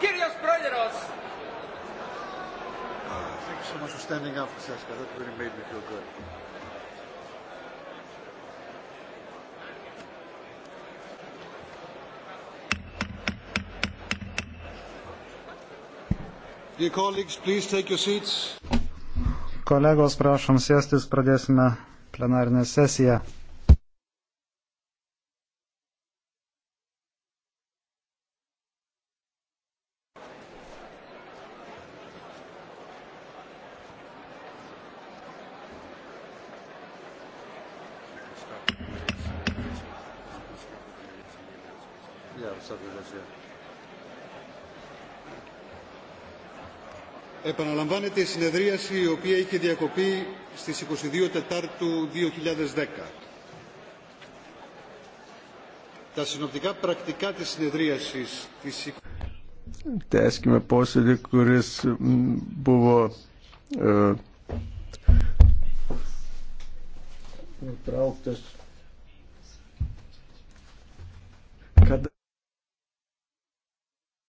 Κύριος Πρόεδρος. Uh, thank you so much for standing up, Francesca. That really made me feel good. Dear colleagues, please take your seats. Kolegos, prašom sėstis, pradėsime plenarinę sesiją. Yeah, lo sapevo, sì. Επαναλαμβάνεται η συνεδρίαση η οποία είχε διακοπεί στις 22 Τετάρτου 2010. Τα συνοπτικά πρακτικά της συνεδρίασης της... Tęskime posėdį, kuris buvo uh, nutrauktas